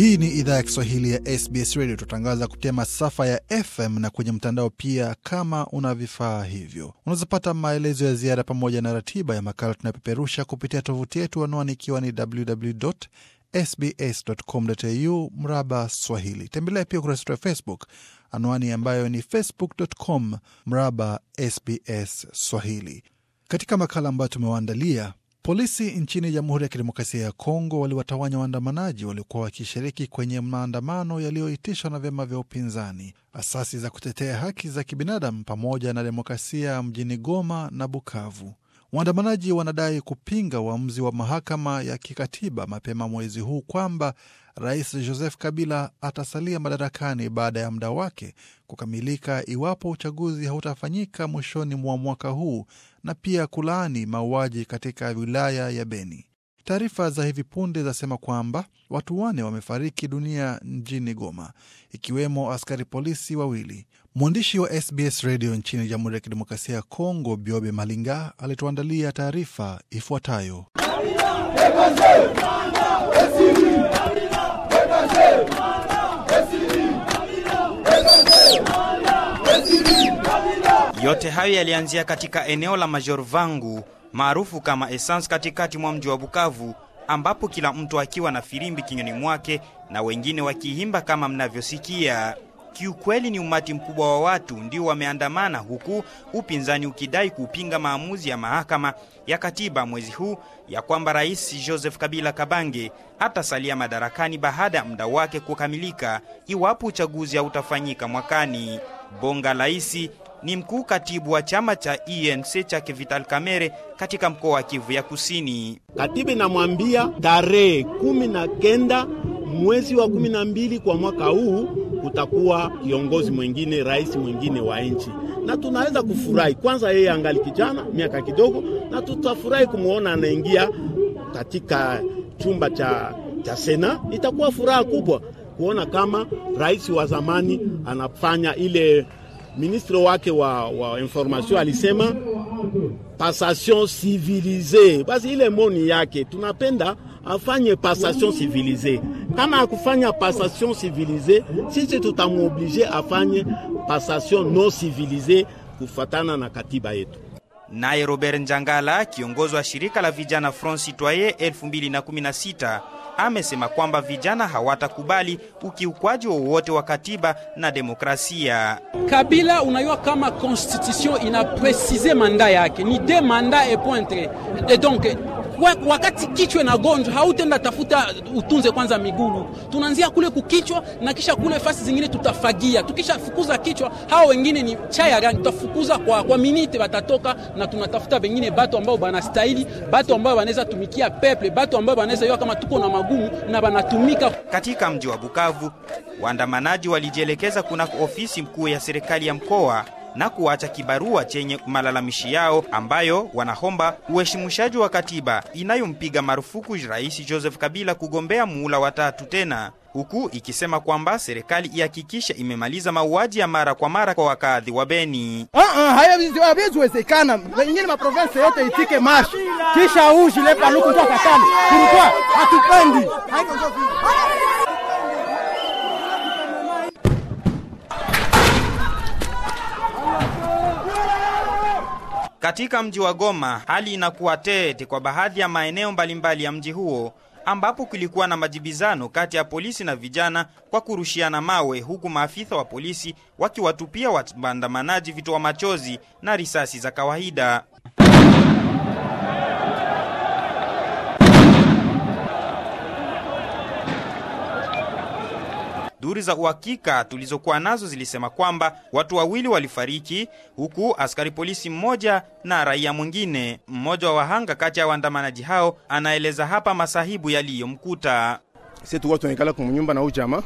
Hii ni idhaa ya Kiswahili ya SBS Radio. tunatangaza kupitia masafa ya FM na kwenye mtandao pia. Kama una vifaa hivyo, unazopata maelezo ya ziada pamoja na ratiba ya makala tunayopeperusha kupitia tovuti yetu, anwani ikiwa ni www sbs.com.au mraba Swahili. Tembelea pia ukurasa wetu wa Facebook, anwani ambayo ni facebook.com mraba SBS Swahili. Katika makala ambayo tumewaandalia Polisi nchini Jamhuri ya Kidemokrasia ya Kongo waliwatawanya waandamanaji waliokuwa wakishiriki kwenye maandamano yaliyoitishwa na vyama vya upinzani, asasi za kutetea haki za kibinadamu pamoja na demokrasia mjini Goma na Bukavu. Waandamanaji wanadai kupinga uamuzi wa mahakama ya kikatiba mapema mwezi huu kwamba Rais Joseph Kabila atasalia madarakani baada ya muda wake kukamilika iwapo uchaguzi hautafanyika mwishoni mwa mwaka huu na pia kulaani mauaji katika wilaya ya Beni. Taarifa za hivi punde zasema kwamba watu wane wamefariki dunia mjini Goma, ikiwemo askari polisi wawili. Mwandishi wa SBS redio nchini Jamhuri ya Kidemokrasia ya Kongo, Biobe Malinga, alituandalia taarifa ifuatayo. Yote hayo yalianzia katika eneo la Major Vangu maarufu kama Essence katikati mwa mji wa Bukavu, ambapo kila mtu akiwa na filimbi kinywani mwake na wengine wakiimba kama mnavyosikia. Kiukweli ni umati mkubwa wa watu ndio wameandamana, huku upinzani ukidai kupinga maamuzi ya mahakama ya katiba mwezi huu ya kwamba Rais Joseph Kabila Kabange atasalia madarakani baada ya muda wake kukamilika iwapo uchaguzi hautafanyika mwakani. Bonga Laisi ni mkuu katibu wa chama cha ENC cha kivital kamere katika mkoa wa Kivu ya Kusini. Katibu inamwambia tarehe kumi na kenda mwezi wa kumi na mbili kwa mwaka huu kutakuwa kiongozi mwingine, rais mwingine wa nchi, na tunaweza kufurahi. Kwanza yeye angali kijana miaka kidogo, na tutafurahi kumwona anaingia katika chumba cha, cha Sena. Itakuwa furaha kubwa kuona kama rais wa zamani anafanya ile ministre wake wa, wa information alisema pasation civilizee. Basi ile moni yake tunapenda afanye pasation civilizee. Kama akufanya pasation civilizee, sisi tutamwoblige afanye pasation non civilizee kufatana na katiba yetu. Naye Robert Njangala, kiongozi wa shirika la vijana France Citoyen 2016, amesema kwamba vijana hawatakubali ukiukwaji wowote wa katiba na demokrasia. Kabila unayua kama constitution ina presize manda yake ni de manda e pointre et donc wakati kichwa na gonjwa hautenda tafuta utunze kwanza miguu. Tunaanzia kule kukichwa na kisha kule fasi zingine tutafagia. Tukishafukuza kichwa, hao wengine ni chaya gani tutafukuza kwa, kwa minite watatoka, na tunatafuta wengine batu ambao banastahili, batu ambao wanaweza tumikia peple, batu ambao wanaweza yua kama tuko na magumu na banatumika. Katika mji wa Bukavu, waandamanaji walijielekeza kuna ofisi mkuu ya serikali ya mkoa na kuacha kibarua chenye malalamishi yao ambayo wanahomba uheshimushaji wa katiba inayompiga marufuku Rais Joseph Kabila kugombea muula watatu tena huku ikisema kwamba serikali ihakikisha imemaliza mauaji ya mara kwa mara kwa wakadhi wa Beni. Uh ah, -uh, ah, hayaviziwezekana ah, wengine yote itike marsh kisha uji lepaluku ndio katani hatupendi Katika mji wa Goma hali inakuwa tete kwa baadhi ya maeneo mbalimbali ya mji huo ambapo kulikuwa na majibizano kati ya polisi na vijana kwa kurushiana mawe, huku maafisa wa polisi wakiwatupia waandamanaji vitoa machozi na risasi za kawaida. Duru za uhakika tulizokuwa nazo zilisema kwamba watu wawili walifariki, huku askari polisi mmoja na raia mwingine. Mmoja wa wahanga kati ya waandamanaji hao anaeleza hapa masahibu yaliyomkuta. Sisi tuko tunaikala kunyumba na ujama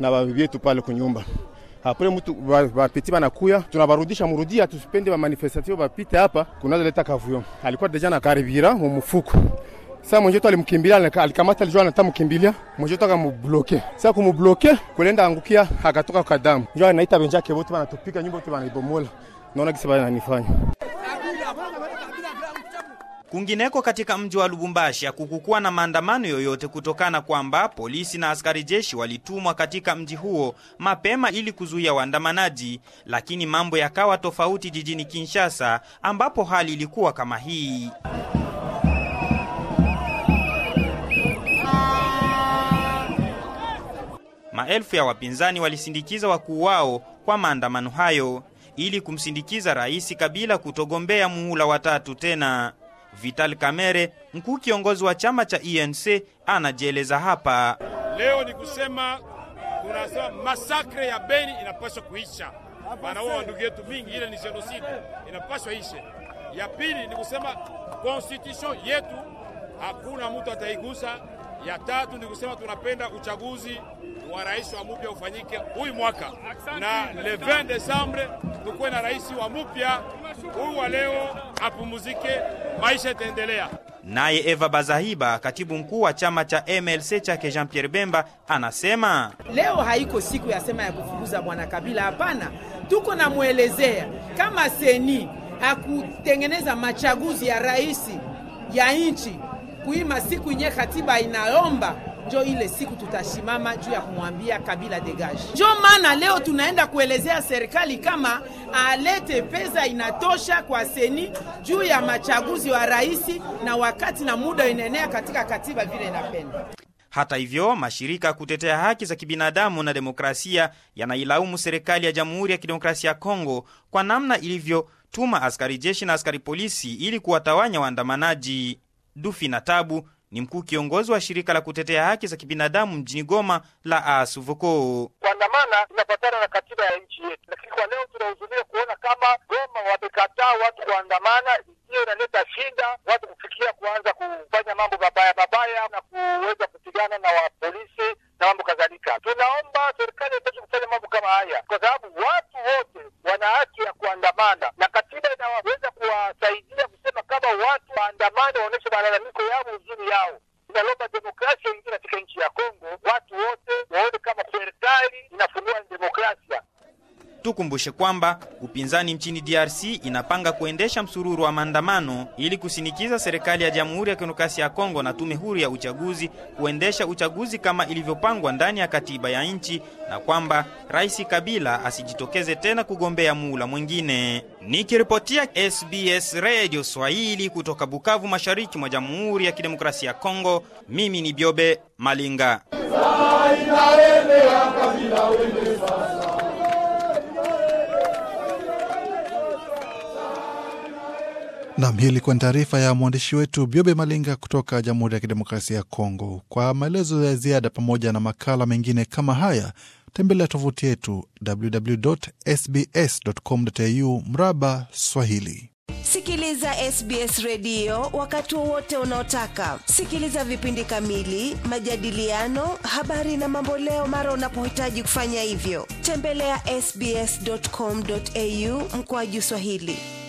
na babibi yetu pale kunyumba apre mtu bapiti ba banakuya tunabarudisha murudia tusipende ba manifestatio bapite hapa kunazoleta kavuyo alikuwa deja na karibira mu mfuko sasa mwenjetu alimkimbilia, alikamata alijua anataka mkimbilia mwenjetu, akamubloke. Sasa kumubloke kulenda angukia, akatoka kwa damu, njoo anaita benjake wote, wanatupiga nyumba wote, wanaibomola. Naona kisa bana nifanya Kwingineko katika mji wa Lubumbashi hakukukuwa na maandamano yoyote kutokana kwamba polisi na askari jeshi walitumwa katika mji huo mapema ili kuzuia waandamanaji, lakini mambo yakawa tofauti jijini Kinshasa ambapo hali ilikuwa kama hii. Maelfu ya wapinzani walisindikiza wakuu wao kwa maandamano hayo ili kumsindikiza Rais Kabila kutogombea muhula watatu tena. Vital Kamerhe, mkuu kiongozi wa chama cha ENC, anajieleza hapa. Leo ni kusema tunasema masakre ya Beni inapaswa kuisha, wanaua wandugu yetu mingi, ile ni genocide, inapaswa ishe. Ya pili ni kusema constitution yetu hakuna mtu ataigusa ya tatu ni kusema tunapenda uchaguzi wa rais wa mupya ufanyike huyu mwaka na le 20 Desembre tukuwe na rais wa mupya huyu wa leo apumuzike, maisha itaendelea. Naye Eva Bazahiba, katibu mkuu wa chama cha MLC chake Jean Pierre Bemba, anasema leo haiko siku ya sema ya kufukuza bwana Kabila. Hapana, tuko namwelezea kama seni hakutengeneza machaguzi ya rais ya nchi kuima siku nye katiba inaomba njo ile siku tutashimama juu ya kumwambia Kabila degage. Njo maana leo tunaenda kuelezea serikali kama alete pesa inatosha kwa seni juu ya machaguzi wa rais na wakati na muda inaenea katika katiba vile inapenda. Hata hivyo, mashirika ya kutetea haki za kibinadamu na demokrasia yanailaumu serikali ya Jamhuri ya Kidemokrasia ya Kongo kwa namna ilivyotuma askari jeshi na askari polisi ili kuwatawanya waandamanaji na Tabu ni mkuu kiongozi wa shirika la kutetea haki za kibinadamu mjini Goma la ASUVOKO. Kuandamana inapatana na katiba ya nchi yetu, lakini kwa leo tunahuzunia kuona kama Goma wamekataa watu kuandamana. Hiyo inaleta shida watu kufikia kuanza kufanya mambo mabaya mabaya na kuweza kupigana na wapolisi na mambo kadhalika. Tunaomba serikali itaki kufanya mambo kama haya kwa sababu Tukumbushe kwamba upinzani nchini DRC inapanga kuendesha msururu wa maandamano ili kusinikiza serikali ya Jamhuri ya Kidemokrasia ya Kongo na tume huru ya uchaguzi kuendesha uchaguzi kama ilivyopangwa ndani ya katiba ya nchi na kwamba Rais Kabila asijitokeze tena kugombea muula mwingine. Nikiripotia SBS Radio Swahili kutoka Bukavu, Mashariki mwa Jamhuri ya Kidemokrasia ya Kongo, mimi ni Biobe Malinga. Nam, hii ilikuwa ni taarifa ya mwandishi wetu Biobe Malinga kutoka Jamhuri ya Kidemokrasia ya Kongo. Kwa maelezo ya ziada pamoja na makala mengine kama haya, tembelea tovuti yetu www.sbs.com.au mraba Swahili. Sikiliza SBS redio wakati wowote unaotaka. Sikiliza vipindi kamili, majadiliano, habari na mamboleo mara unapohitaji kufanya hivyo. Tembelea ya sbs.com.au mkoaju Swahili.